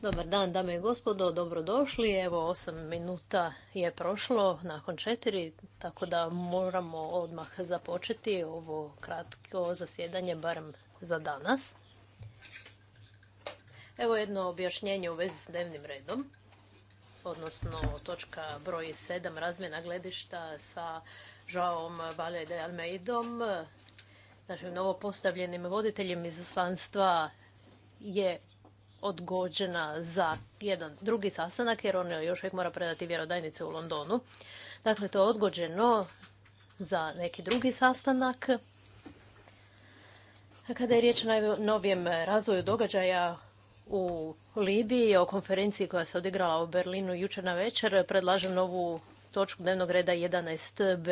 Dobar dan, dame i gospodo, dobrodošli. Evo, osam minuta je prošlo nakon četiri, tako da moramo odmah započeti ovo kratko zasjedanje, barem za danas. Evo jedno objašnjenje u vezi s dnevnim redom, odnosno točka broj sedam razmjena gledišta sa Žaom Valje Almeidom, našim novopostavljenim voditeljem izaslanstva je odgođena za jedan drugi sastanak jer on još uvijek mora predati vjerodajnice u Londonu. Dakle, to je odgođeno za neki drugi sastanak. Kada je riječ o novijem razvoju događaja u Libiji o konferenciji koja se odigrala u Berlinu jučer na večer, predlažem novu točku dnevnog reda 11b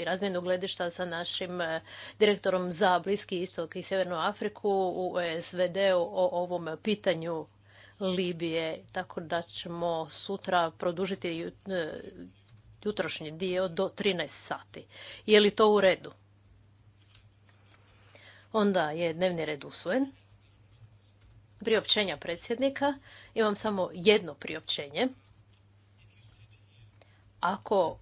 i razmjenu gledišta sa našim e, direktorom za Bliski istok i Sjevernu Afriku u svd o ovom pitanju Libije. Tako da ćemo sutra produžiti e, jutrošnji dio do 13 sati. Je li to u redu? Onda je dnevni red usvojen. Priopćenja predsjednika. Imam samo jedno priopćenje. Ako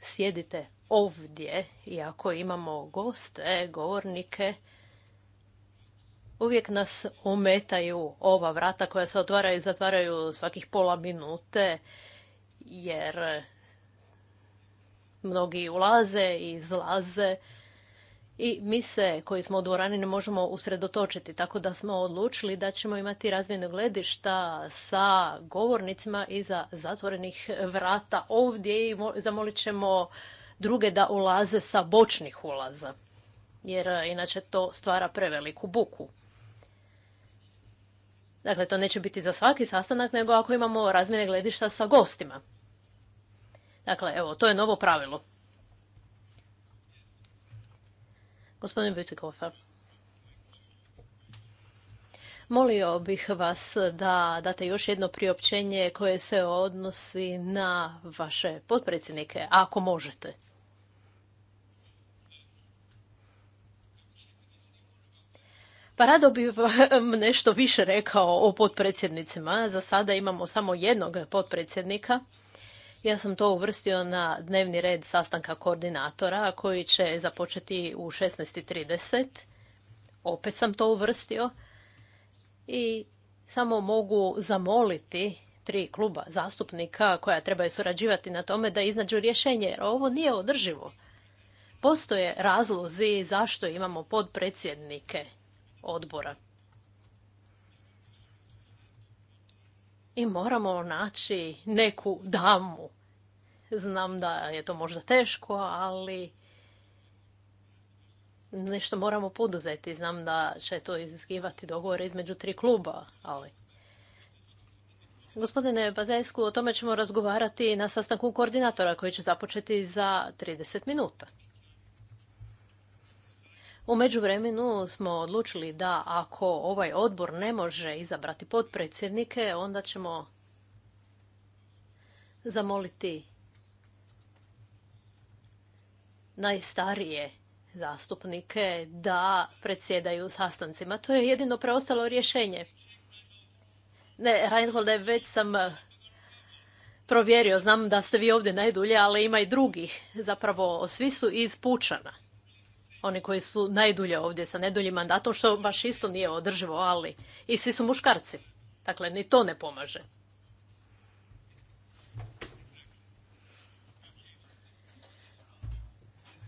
sjedite ovdje i ako imamo goste, govornike, uvijek nas ometaju ova vrata koja se otvaraju i zatvaraju svakih pola minute, jer mnogi ulaze i izlaze i mi se koji smo u dvorani ne možemo usredotočiti, tako da smo odlučili da ćemo imati razmjenu gledišta sa govornicima iza zatvorenih vrata ovdje i zamolit ćemo druge da ulaze sa bočnih ulaza, jer e, inače to stvara preveliku buku. Dakle, to neće biti za svaki sastanak, nego ako imamo razmjene gledišta sa gostima. Dakle, evo, to je novo pravilo. Gospodin Bütikofer. Molio bih vas da date još jedno priopćenje koje se odnosi na vaše potpredsjednike, ako možete. Pa rado bih vam nešto više rekao o potpredsjednicima. Za sada imamo samo jednog potpredsjednika. Ja sam to uvrstio na dnevni red sastanka koordinatora koji će započeti u 16.30. Opet sam to uvrstio i samo mogu zamoliti tri kluba zastupnika koja trebaju surađivati na tome da iznađu rješenje jer ovo nije održivo. Postoje razlozi zašto imamo podpredsjednike odbora. i moramo naći neku damu. Znam da je to možda teško, ali nešto moramo poduzeti. Znam da će to iziskivati dogovore između tri kluba, ali... Gospodine Bazajsku, o tome ćemo razgovarati na sastanku koordinatora koji će započeti za 30 minuta. U međuvremenu smo odlučili da ako ovaj odbor ne može izabrati potpredsjednike, onda ćemo zamoliti najstarije zastupnike da predsjedaju sastancima. To je jedino preostalo rješenje. Ne, Reinholde, već sam eh, provjerio, znam da ste vi ovdje najdulje, ali ima i drugih. Zapravo, svi su iz Pučana oni koji su najdulje ovdje sa neduljim mandatom, što baš isto nije održivo, ali i svi su muškarci. Dakle, ni to ne pomaže.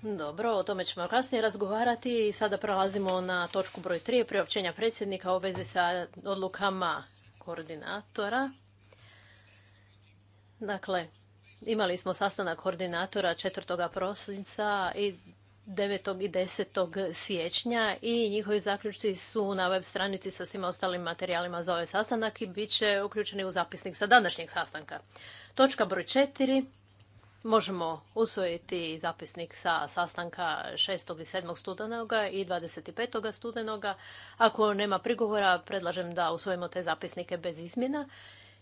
Dobro, o tome ćemo kasnije razgovarati i sada prelazimo na točku broj 3, priopćenja predsjednika u vezi sa odlukama koordinatora. Dakle, imali smo sastanak koordinatora 4. prosinca i 9. i 10. siječnja i njihovi zaključci su na web stranici sa svima ostalim materijalima za ovaj sastanak i bit će uključeni u zapisnik sa današnjeg sastanka. Točka broj 4. Možemo usvojiti zapisnik sa sastanka 6. i 7. studenoga i 25. studenoga. Ako nema prigovora, predlažem da usvojimo te zapisnike bez izmjena.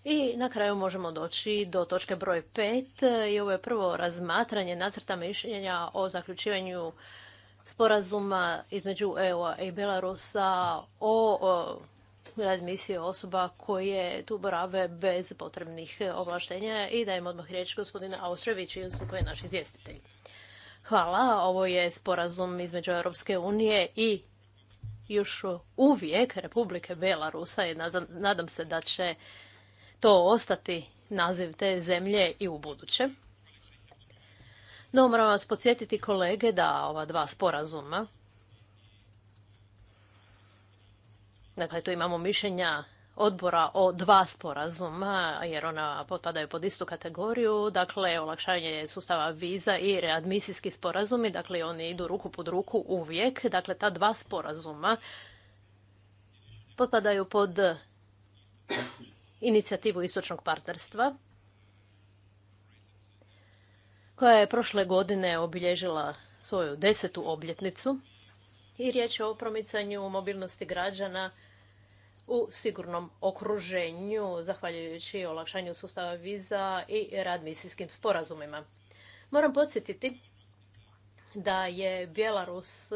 I na kraju možemo doći do točke broj 5 i ovo je prvo razmatranje nacrta mišljenja o zaključivanju sporazuma između eu i Belarusa o, razmisije osoba koje tu borave bez potrebnih ovlaštenja i dajem odmah riječ gospodina Austrović koji je naš izvjestitelj. Hvala, ovo je sporazum između Europske unije i još uvijek Republike Belarusa i nadam se da će to ostati naziv te zemlje i u buduće. No, moram vas podsjetiti kolege da ova dva sporazuma, dakle tu imamo mišljenja odbora o dva sporazuma, jer ona potpadaju pod istu kategoriju, dakle olakšanje sustava viza i readmisijski sporazumi, dakle oni idu ruku pod ruku uvijek, dakle ta dva sporazuma potpadaju pod inicijativu Istočnog partnerstva koja je prošle godine obilježila svoju desetu obljetnicu i riječ je o promicanju mobilnosti građana u sigurnom okruženju, zahvaljujući olakšanju sustava viza i radmisijskim sporazumima. Moram podsjetiti da je Bjelarus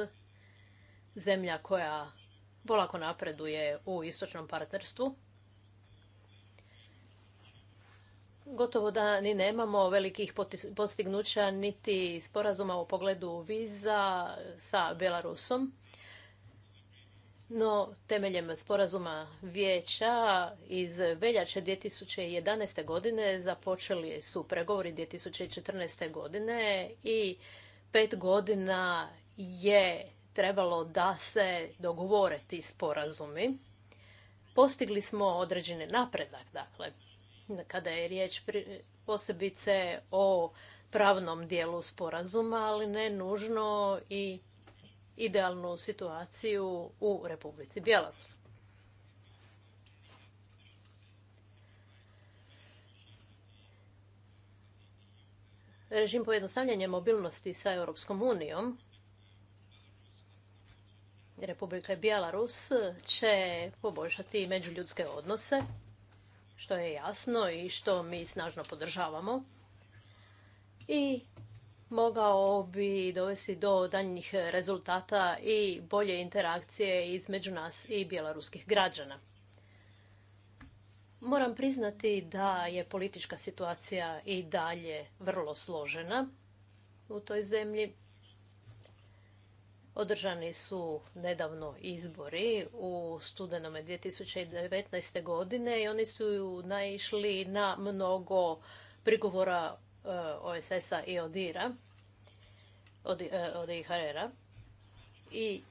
zemlja koja polako napreduje u istočnom partnerstvu gotovo da ni nemamo velikih postignuća niti sporazuma u pogledu viza sa Belarusom. No, temeljem sporazuma vijeća iz veljače 2011. godine započeli su pregovori 2014. godine i pet godina je trebalo da se dogovore ti sporazumi. Postigli smo određeni napredak, dakle kada je riječ posebice o pravnom dijelu sporazuma, ali ne nužno i idealnu situaciju u Republici Bjelarus. Režim pojednostavljanja mobilnosti sa Europskom unijom Republike Bjelarus će poboljšati međuljudske odnose što je jasno i što mi snažno podržavamo. I mogao bi dovesti do daljnjih rezultata i bolje interakcije između nas i bjeloruskih građana. Moram priznati da je politička situacija i dalje vrlo složena u toj zemlji. Održani su nedavno izbori u studenome 2019. godine i oni su naišli na mnogo prigovora eh, OSS-a i ODIR-a, ihr eh, a I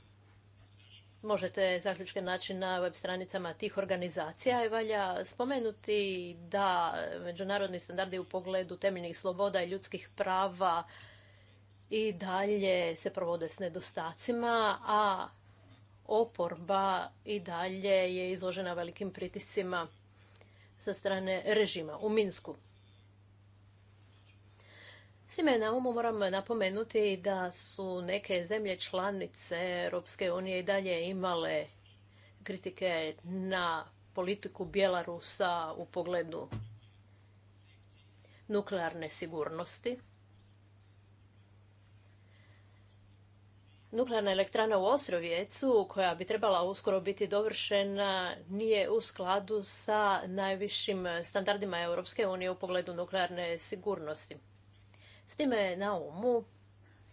možete zaključke naći na web stranicama tih organizacija i valja spomenuti da međunarodni standardi u pogledu temeljnih sloboda i ljudskih prava i dalje se provode s nedostacima, a oporba i dalje je izložena velikim pritiscima sa strane režima u Minsku. Svime na umu moram napomenuti da su neke zemlje članice Europske unije i dalje imale kritike na politiku Bjelarusa u pogledu nuklearne sigurnosti. Nuklearna elektrana u ostrovjecu koja bi trebala uskoro biti dovršena, nije u skladu sa najvišim standardima Europske unije u pogledu nuklearne sigurnosti. S time na umu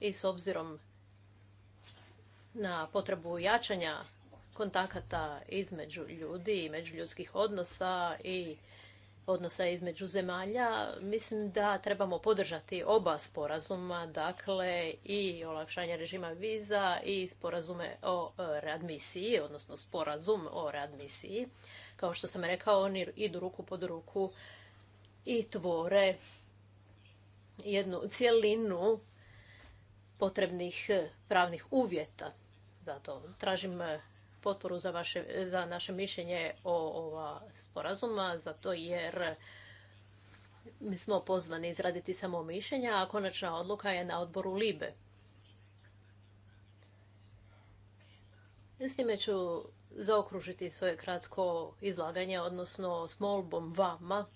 i s obzirom na potrebu jačanja kontakata između ljudi i međuljudskih odnosa i odnosa između zemalja, mislim da trebamo podržati oba sporazuma, dakle i olakšanje režima viza i sporazume o e, readmisiji, odnosno sporazum o readmisiji. Kao što sam rekao, oni idu ruku pod ruku i tvore jednu cjelinu potrebnih e, pravnih uvjeta. Zato tražim e, potporu za, vaše, za naše mišljenje o ova sporazuma, zato jer mi smo pozvani izraditi samo mišljenja, a konačna odluka je na odboru LIBE. S time ću zaokružiti svoje kratko izlaganje, odnosno s molbom vama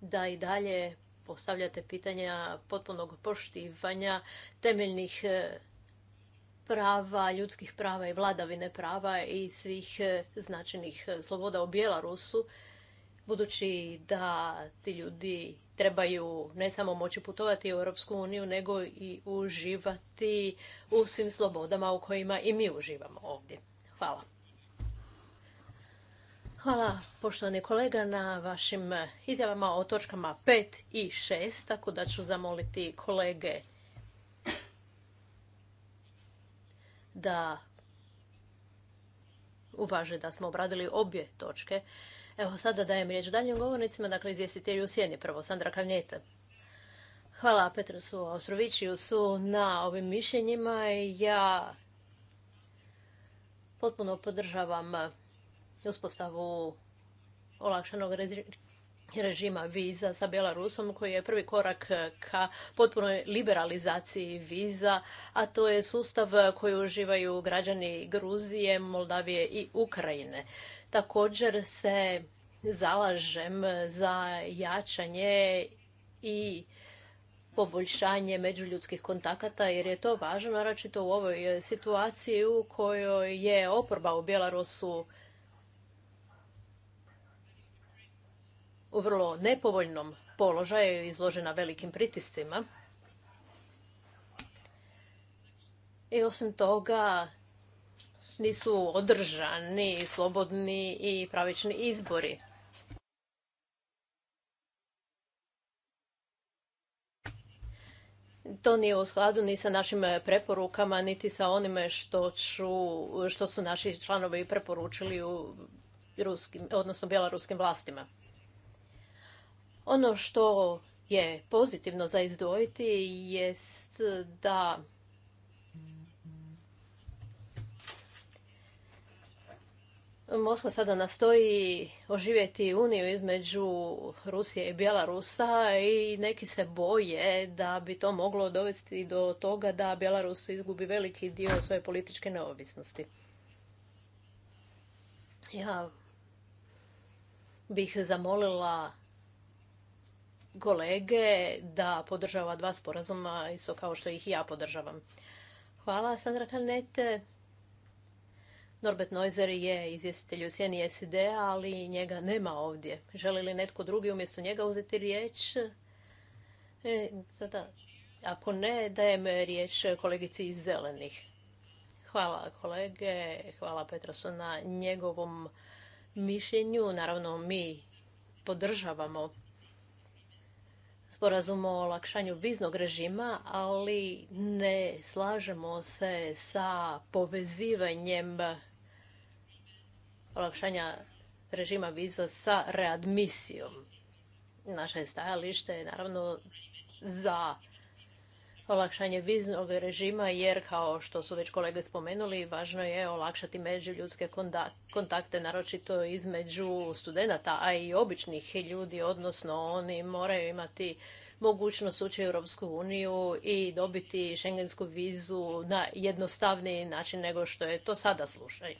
da i dalje postavljate pitanja potpunog poštivanja temeljnih prava, ljudskih prava i vladavine prava i svih e, značajnih e, sloboda u Bjelarusu, budući da ti ljudi trebaju ne samo moći putovati u Europsku uniju, nego i uživati u svim slobodama u kojima i mi uživamo ovdje. Hvala. Hvala poštovani kolega na vašim izjavama o točkama 5 i 6, tako da ću zamoliti kolege da uvaže da smo obradili obje točke. Evo sada dajem riječ daljim govornicima, dakle izvjestitelju u prvo, Sandra Kalnjece. Hvala Petrusu Ostrovićijusu na ovim mišljenjima. Ja potpuno podržavam uspostavu olakšanog režima viza sa Belarusom koji je prvi korak eh, ka potpunoj liberalizaciji viza, a to je sustav eh, koji uživaju građani Gruzije, Moldavije i Ukrajine. Također se zalažem eh, za jačanje i poboljšanje međuljudskih kontakata jer je to važno naročito u ovoj situaciji u kojoj je oporba u Bjelarusu u vrlo nepovoljnom položaju izložena velikim pritiscima. I osim toga nisu održani slobodni i pravični izbori. to nije u skladu ni sa našim preporukama, niti sa onime što, što su naši članovi preporučili u ruskim, odnosno bjeloruskim vlastima. Ono što je pozitivno za izdvojiti jest da Moskva sada nastoji oživjeti uniju između Rusije i Bjelarusa i neki se boje da bi to moglo dovesti do toga da Bjelarus izgubi veliki dio svoje političke neovisnosti. Ja bih zamolila kolege da podržava dva sporazuma isto kao što ih i ja podržavam. Hvala Sandra Kanete. Norbert Neuser je izvjestitelj u sjeni SID, ali njega nema ovdje. Želi li netko drugi umjesto njega uzeti riječ? E, sada, ako ne, dajem riječ kolegici iz Zelenih. Hvala kolege, hvala Petrosu na njegovom mišljenju. Naravno, mi podržavamo sporazum o olakšanju viznog režima, ali ne slažemo se sa povezivanjem olakšanja režima viza sa readmisijom. Naše stajalište je naravno za olakšanje viznog režima jer kao što su već kolege spomenuli važno je olakšati međuljudske kontakte naročito između studenata a i običnih ljudi odnosno oni moraju imati mogućnost ući u Europsku uniju i dobiti šengensku vizu na jednostavniji način nego što je to sada slučaj.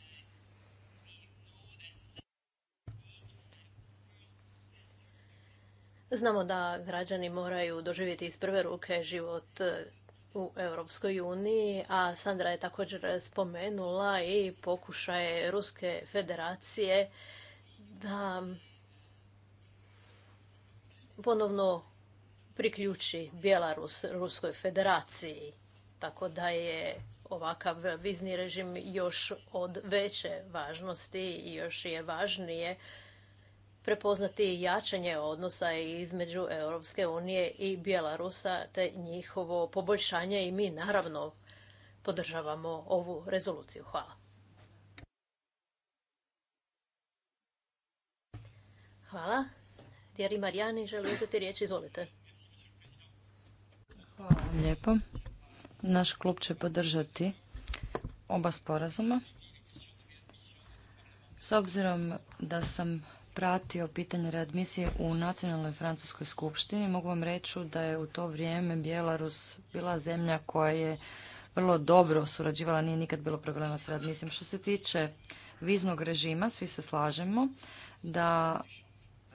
Znamo da građani moraju doživjeti iz prve ruke život e, u Europskoj uniji, a Sandra je također spomenula i pokušaje Ruske federacije da ponovno priključi Bjelarus Ruskoj federaciji. Tako da je ovakav vizni režim još od veće važnosti i još je važnije prepoznati jačanje odnosa između Europske unije i Bjelarusa te njihovo poboljšanje i mi naravno podržavamo ovu rezoluciju. Hvala. Hvala. Djeri Marijani želi uzeti riječ, izvolite. Hvala vam lijepo. Naš klub će podržati oba sporazuma. S obzirom da sam pratio pitanje readmisije u Nacionalnoj Francuskoj skupštini. Mogu vam reći da je u to vrijeme Bjelarus bila zemlja koja je vrlo dobro surađivala, nije nikad bilo problema s readmisijom. Što se tiče viznog režima, svi se slažemo da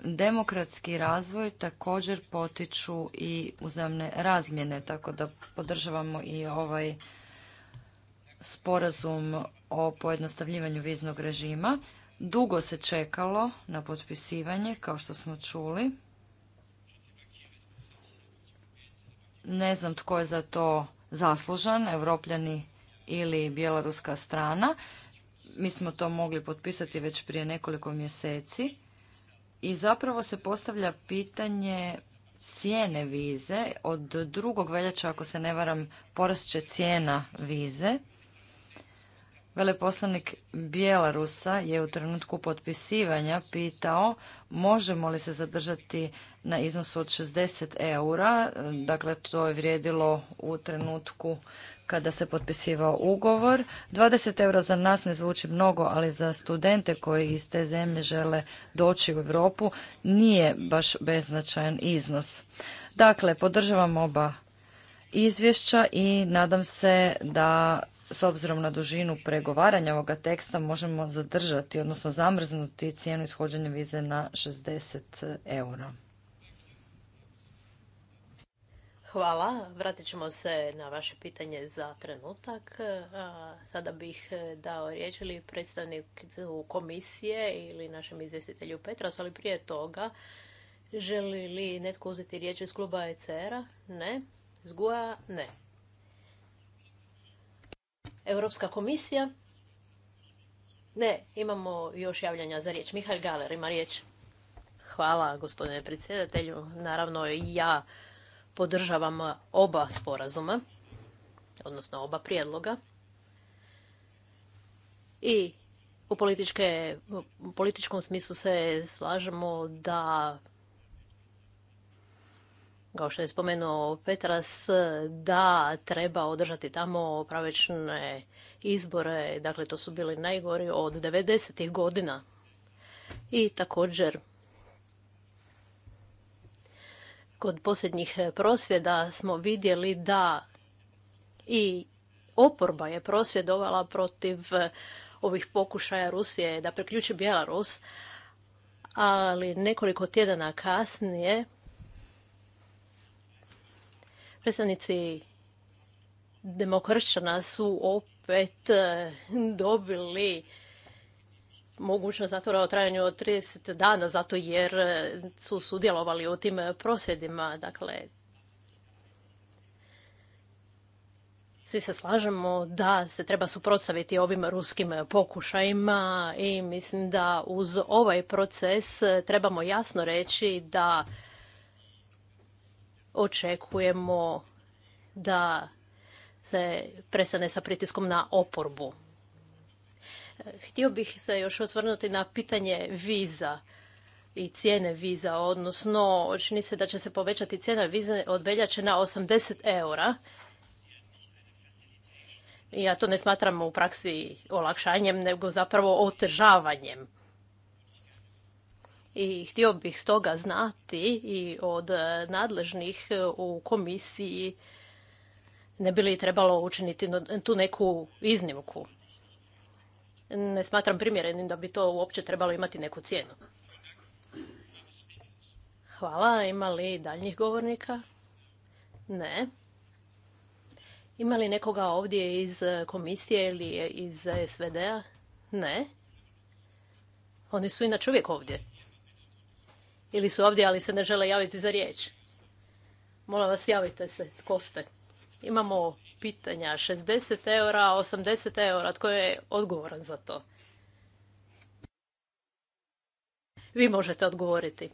demokratski razvoj također potiču i uzemne razmjene, tako da podržavamo i ovaj sporazum o pojednostavljivanju viznog režima. Dugo se čekalo na potpisivanje, kao što smo čuli. Ne znam tko je za to zaslužan, evropljani ili bjelaruska strana. Mi smo to mogli potpisati već prije nekoliko mjeseci. I zapravo se postavlja pitanje cijene vize. Od drugog veljača, ako se ne varam, porast će cijena vize. Veleposlanik Bjelarusa je u trenutku potpisivanja pitao možemo li se zadržati na iznosu od 60 eura, dakle to je vrijedilo u trenutku kada se potpisivao ugovor. 20 eura za nas ne zvuči mnogo, ali za studente koji iz te zemlje žele doći u Europu nije baš beznačajan iznos. Dakle, podržavam oba izvješća i nadam se da s obzirom na dužinu pregovaranja ovoga teksta možemo zadržati, odnosno zamrznuti cijenu ishođenja vize na 60 eura. Hvala. Vratit ćemo se na vaše pitanje za trenutak. Sada bih dao riječ ili predstavniku komisije ili našem izvjestitelju Petras, ali prije toga želi li netko uzeti riječ iz kluba ECR-a? Ne. Zgoja? ne. Europska komisija? Ne, imamo još javljanja za riječ. Mihajl Galer ima riječ. Hvala gospodine predsjedatelju. Naravno ja podržavam oba sporazuma, odnosno oba prijedloga. I u, u političkom smislu se slažemo da kao što je spomenuo Petras, da treba održati tamo pravečne izbore. Dakle, to su bili najgori od 90. godina. I također, kod posljednjih prosvjeda smo vidjeli da i oporba je prosvjedovala protiv ovih pokušaja Rusije da priključi Bjelarus, ali nekoliko tjedana kasnije Predstavnici demokršćana su opet e, dobili mogućnost zatvora o trajanju od 30 dana zato jer su sudjelovali u tim prosvjedima. Dakle, svi se slažemo da se treba suprotstaviti ovim ruskim pokušajima i mislim da uz ovaj proces trebamo jasno reći da očekujemo da se prestane sa pritiskom na oporbu. Htio bih se još osvrnuti na pitanje viza i cijene viza, odnosno čini se da će se povećati cijena vize od veljače na 80 eura. Ja to ne smatram u praksi olakšanjem, nego zapravo otežavanjem i htio bih stoga znati i od e, nadležnih e, u komisiji ne bi li trebalo učiniti tu neku iznimku. Ne smatram primjerenim da bi to uopće trebalo imati neku cijenu. Hvala. Ima li daljnjih govornika? Ne. Ima li nekoga ovdje iz komisije ili iz SVD-a? Ne. Oni su inače uvijek ovdje. Ili su ovdje, ali se ne žele javiti za riječ. Molim vas, javite se. Tko ste? Imamo pitanja. 60 eura, 80 eura. Tko je odgovoran za to? Vi možete odgovoriti.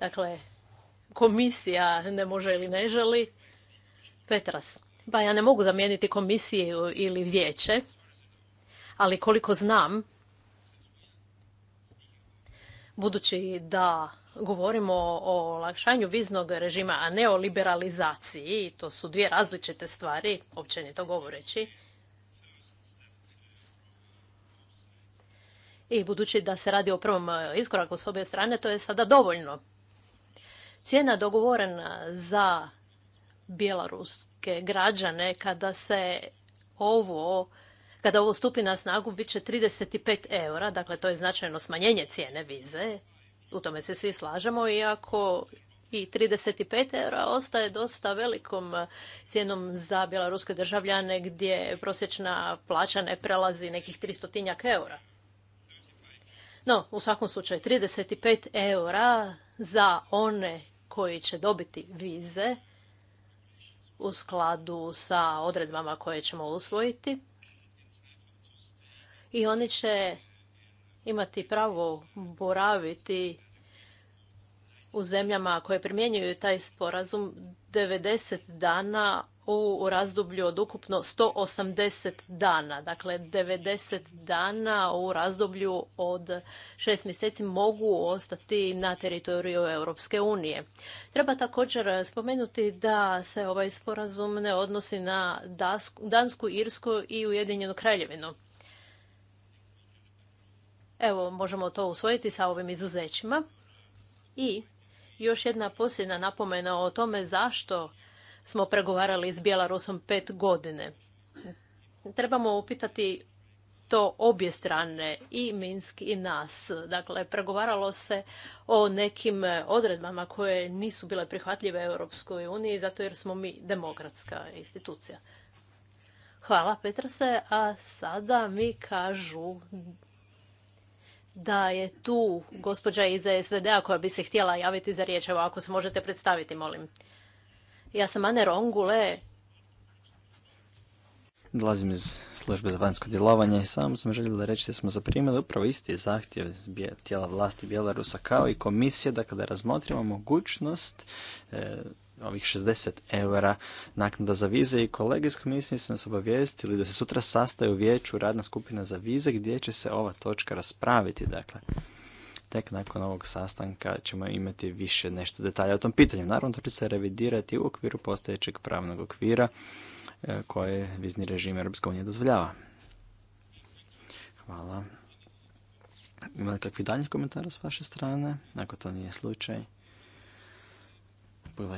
Dakle, komisija ne može ili ne želi. Petras, ba ja ne mogu zamijeniti komisiju ili vijeće, ali koliko znam, budući da govorimo o olakšanju viznog režima, a ne o liberalizaciji, to su dvije različite stvari, općenito govoreći, i budući da se radi o prvom iskoraku s obje strane, to je sada dovoljno. Cijena dogovorena za bjelaruske građane kada se ovo kada ovo stupi na snagu, bit će 35 eura, dakle to je značajno smanjenje cijene vize. U tome se svi slažemo, iako i 35 eura ostaje dosta velikom cijenom za bjelaruske državljane gdje prosječna plaća ne prelazi nekih 300 eura. No, u svakom slučaju 35 eura za one koji će dobiti vize u skladu sa odredbama koje ćemo usvojiti i oni će imati pravo boraviti u zemljama koje primjenjuju taj sporazum 90 dakle, dana u razdoblju od ukupno 180 dana. Dakle, 90 dana u razdoblju od 6 mjeseci mogu ostati na teritoriju Europske unije. Treba također spomenuti da se ovaj sporazum ne odnosi na Dansku, Irsku i Ujedinjenu kraljevinu. Evo, možemo to usvojiti sa ovim izuzećima. I još jedna posljedna napomena o tome zašto smo pregovarali s Bjelarusom pet godine. Trebamo upitati to obje strane, i Minsk i nas. Dakle, pregovaralo se o nekim odredbama koje nisu bile prihvatljive Europskoj uniji, zato jer smo mi demokratska institucija. Hvala Petra se, a sada mi kažu da je tu gospođa iz SVD-a koja bi se htjela javiti za riječ. Evo, ako se možete predstaviti, molim. Ja sam Ane Rongule. Dolazim iz službe za vanjsko djelovanje i samo sam željela reći da smo zaprimili upravo isti zahtjev tijela vlasti Bjelarusa kao i komisije dakle, da kada razmotrimo mogućnost e, ovih 60 eura naknada za vize i kolege iz komisije su nas obavijestili da se sutra sastaje u vijeću radna skupina za vize gdje će se ova točka raspraviti. Dakle, tek nakon ovog sastanka ćemo imati više nešto detalja o tom pitanju. Naravno, to će se revidirati u okviru postojećeg pravnog okvira e, koje vizni režim Europska unija dozvoljava. Hvala. Ima li kakvi daljih komentara s vaše strane? Ako to nije slučaj,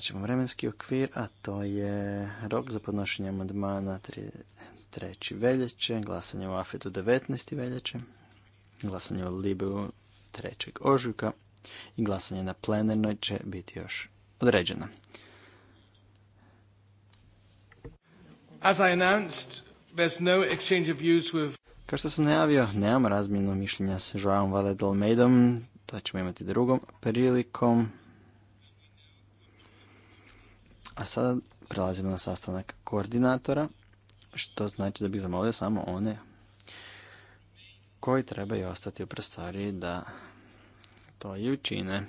ćemo vremenski okvir, a to je rok za podnošenje amandmana 3. veljače, glasanje u Afetu 19. veljače, glasanje u Libiju 3. ožujka i glasanje na plenarnoj će biti još određeno. As announced, there's no exchange of views with... Kao što sam najavio, nemamo razmjenu mišljenja s Joao Valedolmeidom, to ćemo imati drugom prilikom. A sada prelazimo na sastanak koordinatora, što znači da bih zamolio samo one koji trebaju ostati u prostoriji da to i učine.